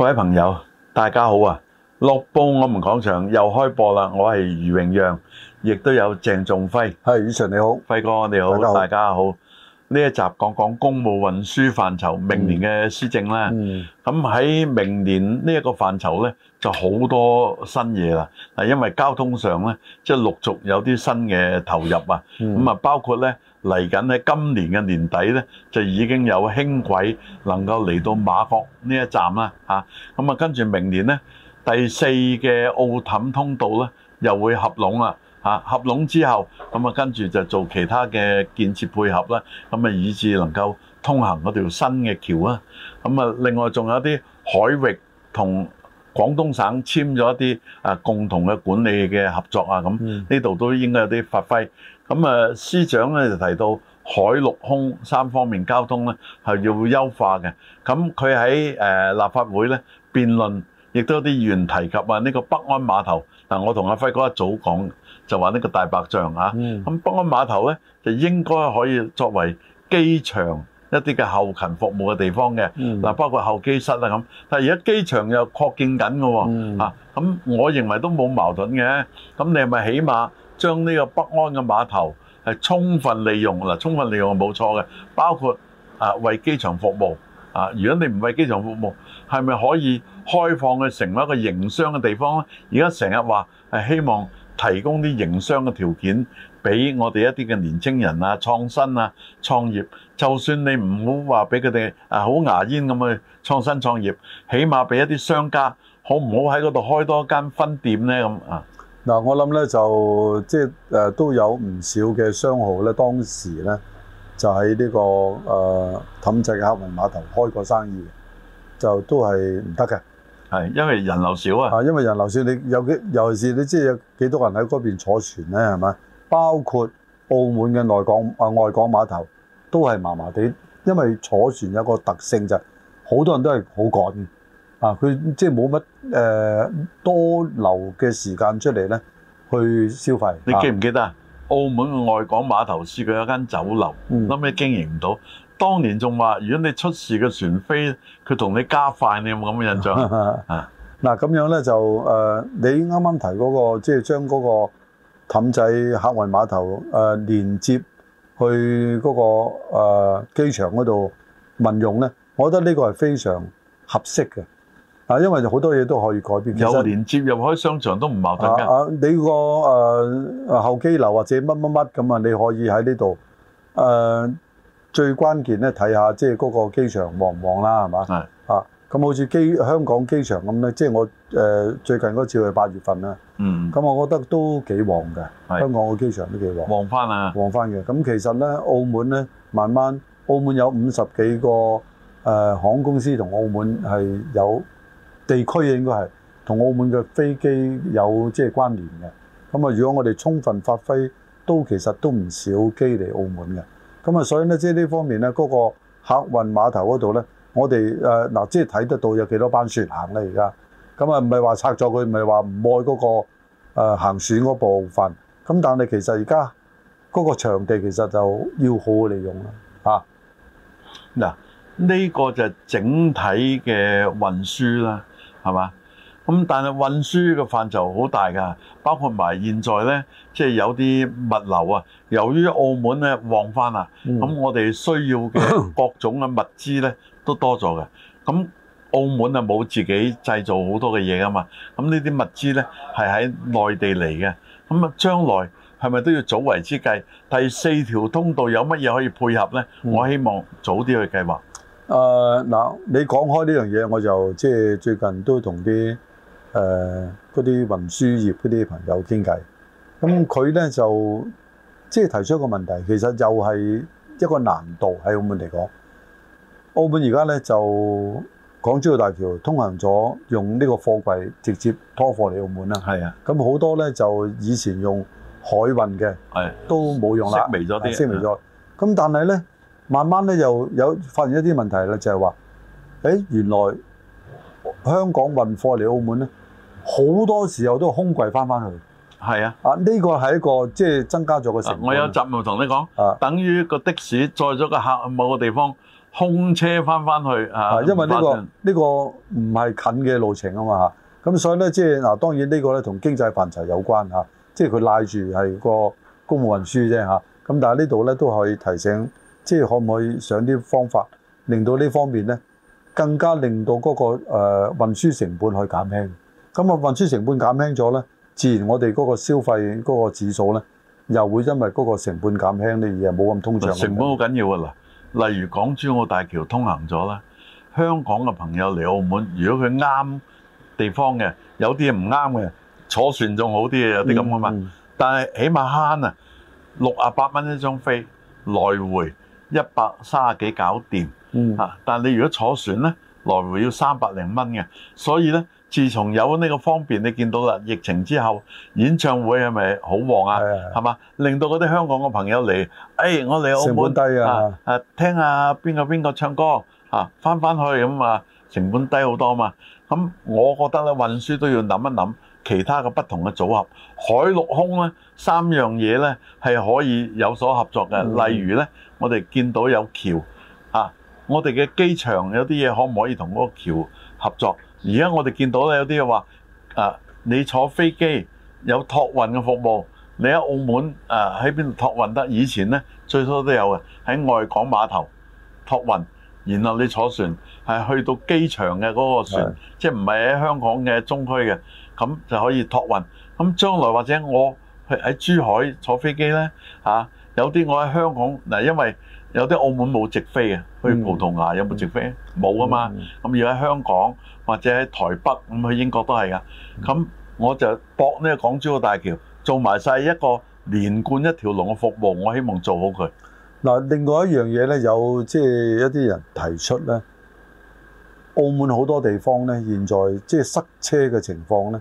各位朋友，大家好啊！樂報我們講場又開播啦！我係余榮讓，亦都有鄭仲輝。係宇晨你好，輝哥你好，大家好。呢一集講講工務運輸範疇，明年嘅施政啦。咁喺明年呢一個範疇呢，就好多新嘢啦。啊，因為交通上呢，即係陸續有啲新嘅投入啊。咁啊，包括呢嚟緊喺今年嘅年底呢，就已經有輕軌能夠嚟到媽閣呢一站啦。咁啊，跟住明年呢，第四嘅澳氹通道呢，又會合龍啦。嚇合攏之後，咁啊跟住就做其他嘅建設配合啦，咁啊以至能夠通行嗰條新嘅橋啦，咁啊另外仲有啲海域同廣東省簽咗一啲啊共同嘅管理嘅合作啊，咁呢度都應該有啲發揮。咁啊司長咧就提到海陸空三方面交通咧係要優化嘅，咁佢喺誒立法會咧辯論。亦都有啲議員提及啊，呢、呢個北安碼頭嗱，我同阿輝哥一早講就話呢個大白象啊，咁、嗯、北安碼頭咧就應該可以作為機場一啲嘅後勤服務嘅地方嘅嗱，嗯、包括候機室啊咁。但係而家機場又擴建緊嘅喎啊，咁、嗯啊、我認為都冇矛盾嘅。咁你係咪起碼將呢個北安嘅碼頭係充分利用嗱、啊？充分利用冇錯嘅，包括啊為機場服務啊。如果你唔為機場服務，係、啊、咪可以？開放去成為一個營商嘅地方咧，而家成日話係希望提供啲營商嘅條件俾我哋一啲嘅年青人啊、創新啊、創業。就算你唔好話俾佢哋啊好牙煙咁去創新創業，起碼俾一啲商家好唔好喺嗰度開多間分店咧？咁啊，嗱，我諗咧就即係誒、呃、都有唔少嘅商號咧，當時咧就喺呢、這個誒氹仔嘅黑門碼頭開過生意，就都係唔得嘅。係，因為人流少啊！啊、嗯，因為人流少，你有幾尤其是你即有幾多人喺嗰邊坐船咧，係咪？包括澳門嘅內港啊外港碼頭都係麻麻地，因為坐船有一個特性，就好多人都係好趕啊，佢即係冇乜誒多留嘅時間出嚟咧去消費。你記唔記得啊？澳門嘅外港碼頭試過有一間酒樓，諗、嗯、起經營唔到。當年仲話，如果你出事嘅船飛，佢同你加快，你有冇咁嘅印象嗱？咁、啊啊、樣咧就誒、呃，你啱啱提嗰、那個，即係將嗰個氹仔客運碼頭誒、呃、連接去嗰、那個誒、呃、機場嗰度民用咧，我覺得呢個係非常合適嘅。啊、呃，因為好多嘢都可以改變。有連接入開商場都唔矛盾㗎、啊。啊，你個誒、呃、候機樓或者乜乜乜咁啊，你可以喺呢度誒。呃最關鍵咧，睇下即係嗰個機場旺唔旺啦，係嘛？是的 啊，咁好似機香港機場咁咧，即係我、呃、最近嗰次去八月份啦。嗯。咁我覺得都幾旺嘅，是的 香港嘅機場都幾旺。旺翻啊旺！旺翻嘅，咁其實咧，澳門咧慢慢，澳門有五十幾個誒航空公司同澳門係有地區應該係同澳門嘅飛機有即係關聯嘅。咁、嗯、啊，如果我哋充分發揮，都其實都唔少機嚟澳門嘅。咁啊，所以咧，即係呢方面咧，嗰個客運碼頭嗰度咧，我哋誒嗱，即係睇得到有幾多班船行咧而家。咁啊，唔係話拆咗佢，唔係話唔愛嗰個誒行船嗰部分。咁但係其實而家嗰個場地其實就要好好利用啦。嗱、吓，呢個就整體嘅運輸啦，係嘛？咁但係運輸嘅範疇好大㗎，包括埋現在呢，即係有啲物流啊。由於澳門呢旺翻啦，咁、嗯、我哋需要嘅各種嘅物資呢都多咗嘅。咁澳門啊冇自己製造好多嘅嘢㗎嘛，咁呢啲物資呢係喺內地嚟嘅。咁啊，將來係咪都要早為之計？第四條通道有乜嘢可以配合呢？嗯、我希望早啲去計劃。誒嗱、呃，你講開呢樣嘢，我就即係最近都同啲。誒嗰啲運輸業嗰啲朋友傾偈，咁佢咧就即係提出一個問題，其實又係一個難度喺澳門嚟講。澳門而家咧就港珠澳大橋通行咗，用呢個貨櫃直接拖貨嚟澳門啦。係啊，咁好多咧就以前用海運嘅，都冇用啦，式微咗啲，式微咗。咁但係咧，慢慢咧又有發現一啲問題啦，就係話，誒原來香港運貨嚟澳門咧。好多時候都空櫃翻翻去，係啊，啊呢、這個係一個即係、就是、增加咗個成本。我有陣咪同你講，啊，等於個的士載咗個客某個地方空車翻翻去，啊，因為呢個呢個唔係近嘅路程啊嘛，嚇，咁，所以咧即係，嗱，當然呢個咧同經濟範疇有關嚇，即係佢賴住係個工務運輸啫，嚇咁、啊、但係呢度咧都可以提醒，即、就、係、是、可唔可以想啲方法令到呢方面咧更加令到嗰、那個誒、呃、運輸成本去減輕。咁啊，運輸成本減輕咗咧，自然我哋嗰個消費嗰個指數咧，又會因為嗰個成本減輕啲嘢冇咁通脹。成本好緊要㗎喇，例如港珠澳大橋通行咗啦，香港嘅朋友嚟澳門，如果佢啱地方嘅，有啲嘢唔啱嘅，坐船仲好啲啊，有啲咁啊嘛。但係起碼慳啊，六十八蚊一張飛，來回一百三十幾搞掂。嗯。嚇！但係你如果坐船咧？來回要三百零蚊嘅，所以咧，自從有呢個方便，你見到啦，疫情之後演唱會係咪好旺啊？係啊。係嘛，令到嗰啲香港嘅朋友嚟，哎，我嚟澳門啊，誒、啊，聽下邊個邊個唱歌，啊翻翻去咁啊，成本低好多嘛。咁我覺得咧，運輸都要諗一諗其他嘅不同嘅組合，海陸空咧三樣嘢咧係可以有所合作嘅。嗯、例如咧，我哋見到有橋。我哋嘅機場有啲嘢可唔可以同嗰個橋合作？而家我哋見到咧有啲人話，誒你坐飛機有託運嘅服務，你喺澳門誒喺邊度託運得？以前呢，最初都有嘅，喺外港碼頭託運，然後你坐船係去到機場嘅嗰個船，的即係唔係喺香港嘅中區嘅，咁就可以託運。咁將來或者我去喺珠海坐飛機呢，嚇有啲我喺香港嗱，因為。有啲澳門冇直飛呀，去葡萄牙有冇直飛？冇啊、嗯、嘛。咁而喺香港或者喺台北咁去英國都係噶。咁我就搏呢個港珠澳大橋，做埋晒一個連貫一條龍嘅服務，我希望做好佢。嗱，另外一樣嘢咧，有即係一啲人提出咧，澳門好多地方咧，現在即係塞車嘅情況咧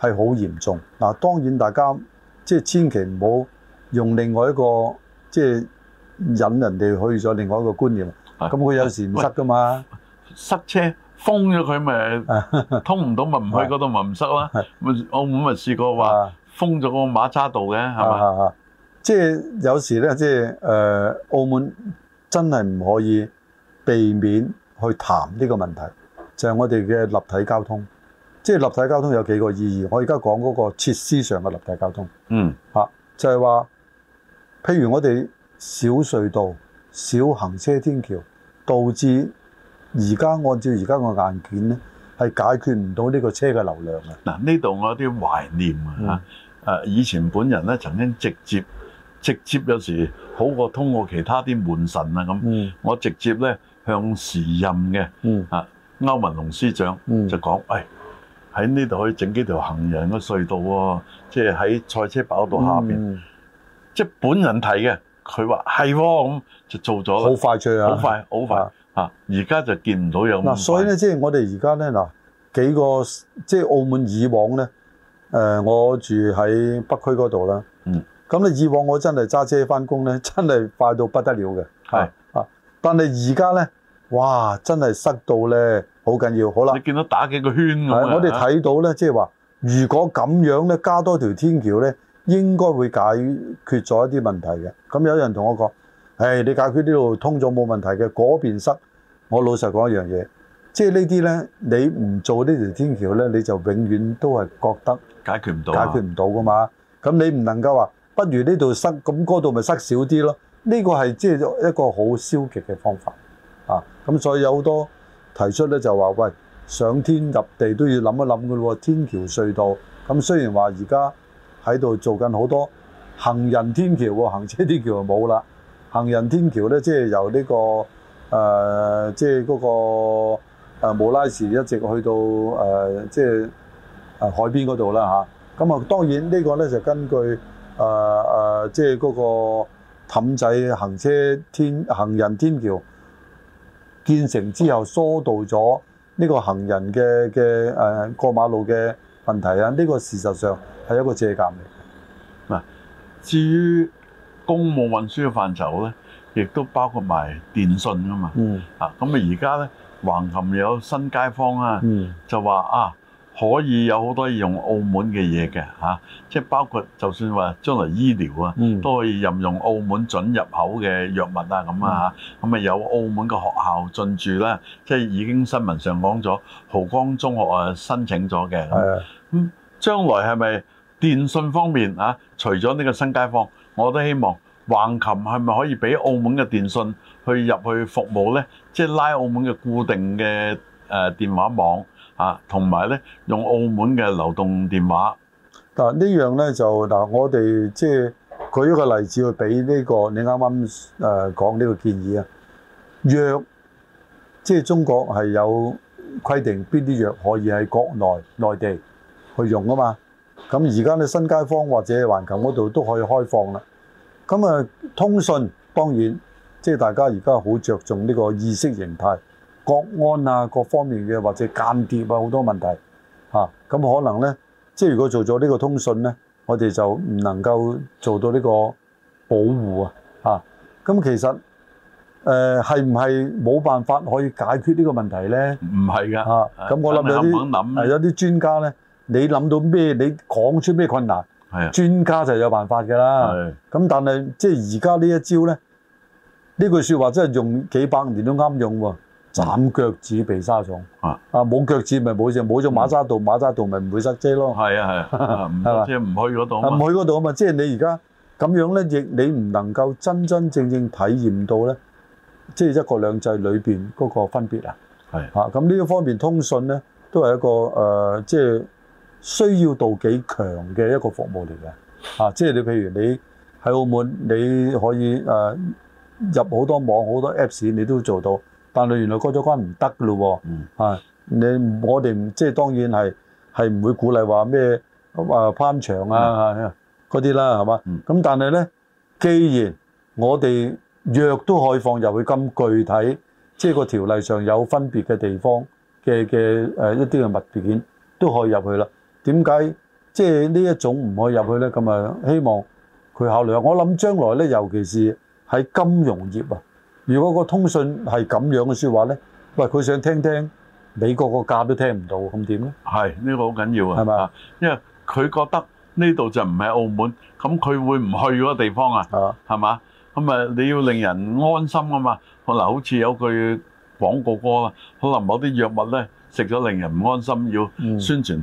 係好嚴重。嗱，當然大家即係千祈唔好用另外一個即係。引人哋去咗另外一個觀念，咁佢是有時唔塞噶嘛？塞車封咗佢咪通唔到咪唔去嗰是度咪唔塞啦？澳門咪試過話封咗個馬揸度嘅，係咪？即係有時咧，即係誒澳門真係唔可以避免去談呢個問題，就係、是、我哋嘅立體交通。即、就、係、是、立體交通有幾個意義，我而家講嗰個設施上嘅立體交通。嗯，嚇就係、是、話，譬如我哋。小隧道、小行車天橋，導致而家按照而家個硬件咧，係解決唔到呢個車嘅流量啊！嗱，呢度我有啲懷念啊！誒、嗯，以前本人咧曾經直接直接有時好過通過其他啲門神啊咁，嗯、我直接咧向時任嘅啊、嗯、歐文龍司長就講：誒喺呢度可以整幾條行人嘅隧道喎、啊，即係喺賽車跑道下邊，嗯、即係本人提嘅。佢話係喎，咁、哦、就做咗，好快脆的啊！好快，好快啊！而家就見唔到有咁快。嗱，所以咧，即係我哋而家咧嗱幾個，即係澳門以往咧，誒、呃，我住喺北區嗰度啦。嗯。咁咧，以往我真係揸車翻工咧，真係快到不得了嘅。係的。啊！但係而家咧，哇！真係塞到咧，好緊要。好啦。你見到打幾個圈，我哋睇到咧，即係話，如果咁樣咧，加多條天橋咧。應該會解決咗一啲問題嘅。咁有人同我講，誒，你解決呢度通咗冇問題嘅，嗰邊塞。我老實講一樣嘢，即係呢啲呢，你唔做呢條天橋呢，你就永遠都係覺得解決唔到，解決唔到㗎嘛。咁你唔能夠話不如呢度塞，咁嗰度咪塞少啲咯？呢個係即係一個好消極嘅方法。啊，咁所以有好多提出呢，就話，喂，上天入地都要諗一諗㗎咯。天橋隧道，咁雖然話而家。喺度做緊好多行人天橋喎，行車天橋就冇啦。行人天橋咧、這個，即係由呢個誒，即係嗰個誒無拉士一直去到誒，即係誒海邊嗰度啦嚇。咁啊，當然呢個咧就根據誒誒，即係嗰個氹仔行車天行人天橋建成之後，疏導咗呢個行人嘅嘅誒過馬路嘅問題啊！呢、呢個事實上係一個借鑑嚟嘅。嗱，至於公務運輸嘅範疇咧，亦都包括埋電信㗎嘛。嗯。啊，咁啊，而家咧橫琴有新街坊啊，嗯、就話啊，可以有好多用澳門嘅嘢嘅嚇，即係包括就算話將來醫療啊，嗯、都可以任用澳門準入口嘅藥物啊咁啊嚇。咁啊，啊，啊，有澳門嘅學校進駐啦，即係已經新聞上講咗，濠江中學啊申請咗嘅。係啊。咁、嗯、將來係咪電信方面啊？除咗呢個新街坊，我都希望橫琴係咪可以俾澳門嘅電信去入去服務呢？即、就、係、是、拉澳門嘅固定嘅誒電話網啊，同埋呢用澳門嘅流動電話。嗱呢、啊、樣呢，就嗱、啊，我哋即係舉一個例子去俾呢個你啱啱誒講呢個建議啊，藥即係中國係有規定邊啲藥可以喺國內內地。去用啊嘛，咁而家咧新街坊或者環球嗰度都可以開放啦。咁啊，通訊當然即係、就是、大家而家好着重呢個意識形態、國安啊各方面嘅或者間諜啊好多問題嚇。咁、啊、可能咧，即係如果做咗呢個通訊咧，我哋就唔能夠做到呢個保護啊嚇。咁其實誒係唔係冇辦法可以解決呢個問題咧？唔係㗎嚇。咁、啊、我諗有啲係、啊、有啲專家咧。你諗到咩？你講出咩困難？係啊，專家就有辦法㗎啦。係、啊。咁但係即係而家呢一招咧，呢句説話真係用幾百年都啱用喎。斬腳趾避沙蟲、嗯。啊。啊，冇腳趾咪冇事，冇咗馬沙道，馬沙道咪唔會塞車咯。係啊係啊。唔即係唔去嗰度。唔吧去嗰度啊嘛，即係你而家咁樣咧，亦你唔能夠真真正正體驗到咧，即、就、係、是、一國兩制裏邊嗰個分別啊。係。啊，咁呢一方面通訊咧，都係一個誒、呃，即係。需要度幾強嘅一個服務嚟嘅，啊，即係你譬如你喺澳門，你可以誒入好多網好多 Apps，你都做到。但係原來過咗關唔得嘅咯喎，係你我哋即係當然係係唔會鼓勵話咩啊攀牆啊嗰啲啦，係嘛？咁但係咧，既然我哋藥都可以放入去咁具體，即係個條例上有分別嘅地方嘅嘅誒一啲嘅物件都可以入去啦。點解即係呢一種唔可以入去咧？咁啊，希望佢考慮下。我諗將來咧，尤其是喺金融業啊，如果個通訊係咁樣嘅説話咧，喂，佢想聽聽美國個價都聽唔到，咁點咧？係呢個好緊要啊！係咪？因為佢覺得呢度就唔係澳門，咁佢會唔去嗰個地方啊？啊，係嘛？咁啊，你要令人安心啊嘛？可能好似有句廣告歌啦，可能某啲藥物咧食咗令人唔安心，要宣傳。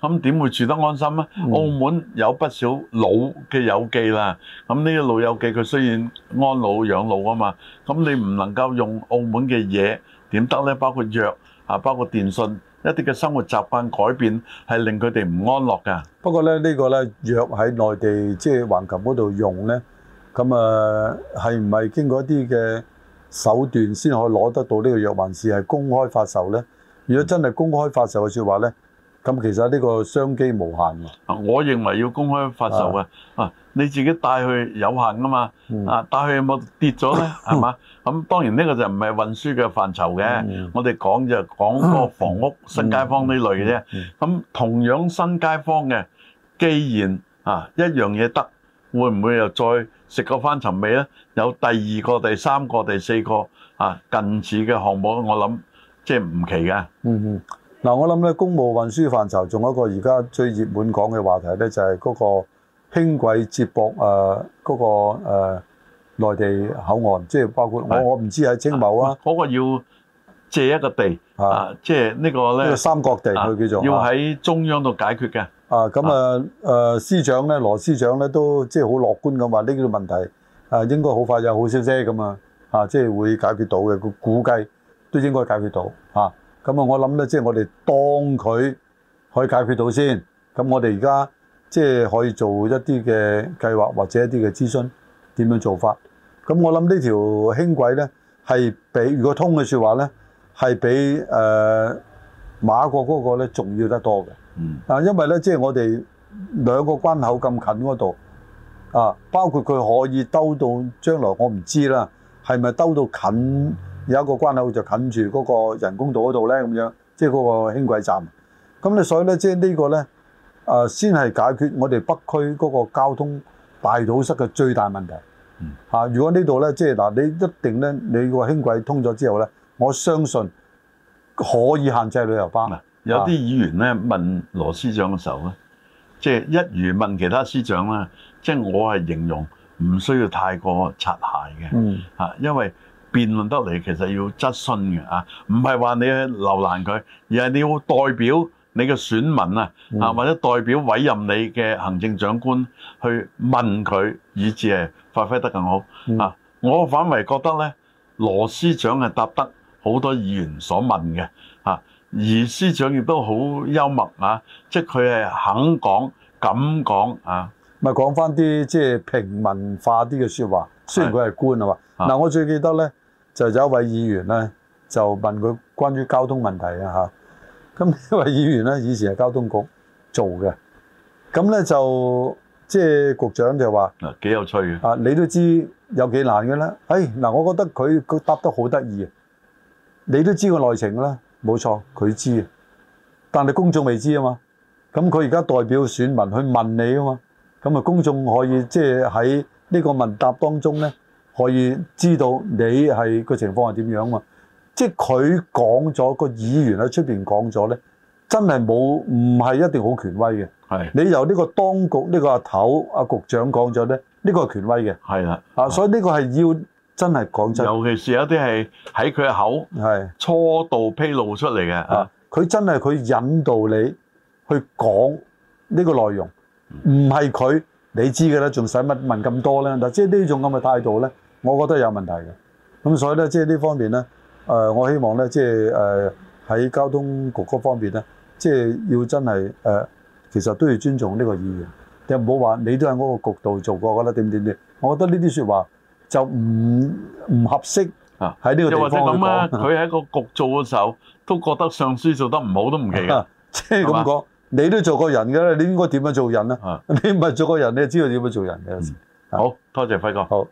咁點會住得安心咧？澳門有不少老嘅友記啦，咁呢個老友記佢雖然安老養老啊嘛，咁你唔能夠用澳門嘅嘢點得呢？包括藥啊，包括電信，一啲嘅生活習慣改變係令佢哋唔安樂噶。不過咧呢個呢藥喺內地即係橫琴嗰度用呢，咁啊係唔係經過一啲嘅手段先可以攞得到呢個藥，還是係公開發售呢？如果真係公開發售嘅説話呢，咁其實呢個商機無限喎。啊，我認為要公開發售嘅。啊，你自己帶去有限啊嘛。啊，帶去有冇跌咗咧？係嘛？咁當然呢個就唔係運輸嘅範疇嘅。我哋講就講嗰個房屋新街坊呢類嘅啫。咁同樣新街坊嘅，既然啊一樣嘢得，會唔會又再食個翻尋味咧？有第二個、第三個、第四個啊近似嘅項目，我諗即係唔奇嘅。嗯嗯。嗱、啊，我諗咧，公務運輸範疇仲有一個而家最熱門講嘅話題咧，就係、是、嗰個輕軌接駁誒，嗰、啊那個誒、啊、內地口岸，即、就、係、是、包括我我唔知喺青茂啊，嗰、啊那個要借一個地啊，即係、啊、呢個咧三角地，佢叫做要喺中央度解決嘅啊，咁啊誒司、啊啊啊、長咧，羅司長咧都即係好樂觀咁話呢個問題啊，應該好快有好消息咁啊，啊即係會解決到嘅，佢估計都應該解決到啊。咁啊，我諗咧，即係我哋當佢可以解決到先，咁我哋而家即係可以做一啲嘅計劃或者一啲嘅諮詢，點樣做法？咁我諗呢條輕軌咧，係比如果通嘅説話咧，係比誒馬國嗰個咧重要得多嘅。嗯，啊，因為咧，即係我哋兩個關口咁近嗰度啊，包括佢可以兜到將來，我唔知啦，係咪兜到近？有一個關口就近住嗰個人工島嗰度咧，咁樣即係嗰個輕軌站。咁你所以咧，即係呢個咧，誒，先係解決我哋北區嗰個交通大堵塞嘅最大問題。嚇！如果呢度咧，即係嗱，你一定咧，你個輕軌通咗之後咧，我相信可以限制旅遊巴。啊，有啲議員咧問羅司長嘅時候咧，即係一如問其他司長啦，即係我係形容唔需要太過擦鞋嘅。嚇，因為辯論得嚟其實要質詢嘅啊，唔係話你去留難佢，而係你要代表你嘅選民啊，啊、嗯、或者代表委任你嘅行政長官去問佢，以至係發揮得更好啊。嗯、我反為覺得咧，羅司長係答得好多議員所問嘅啊，而司長亦都好幽默啊，即係佢係肯講、敢講啊。咪講翻啲即係平民化啲嘅說話。雖然佢係官啊嘛，嗱我最記得咧就有一位議員咧就問佢關於交通問題啊吓，咁呢位議員咧以前係交通局做嘅，咁咧就即係局長就話，嗱幾有趣嘅。啊，你都知有幾難嘅啦。哎，嗱，我覺得佢佢答得好得意。你都知個內情啦，冇錯，佢知，但係公眾未知啊嘛。咁佢而家代表選民去問你啊嘛。咁啊，公眾可以即係喺呢個問答當中咧，可以知道你係個情況係點樣嘛？即係佢講咗個議員喺出邊講咗咧，真係冇唔係一定好權威嘅。係你由呢個當局呢個阿頭阿局長講咗咧，呢個係權威嘅。係啦，啊，所以呢個係要真係講真。尤其是有啲係喺佢口係初度披露出嚟嘅啊，佢真係佢引導你去講呢個內容。唔係佢，你知嘅啦，仲使乜問咁多咧？嗱，即係呢種咁嘅態度咧，我覺得有問題嘅。咁所以咧，即係呢方面咧，誒、呃，我希望咧，即係誒喺交通局嗰方面咧，即、就、係、是、要真係誒、呃，其實都要尊重呢個議員，你唔好話你都喺嗰個局度做過噶啦，點點點。我覺得呢啲說話就唔唔合適啊。喺呢個又或者咁啊，佢喺 個局做嘅時候，都覺得上司做得唔好都唔奇噶，即係咁講。就是你都做過人㗎啦，你應該點樣做人呢？嗯，你唔係做過人，你就知道點樣做人嘅。好多謝，謝輝哥。好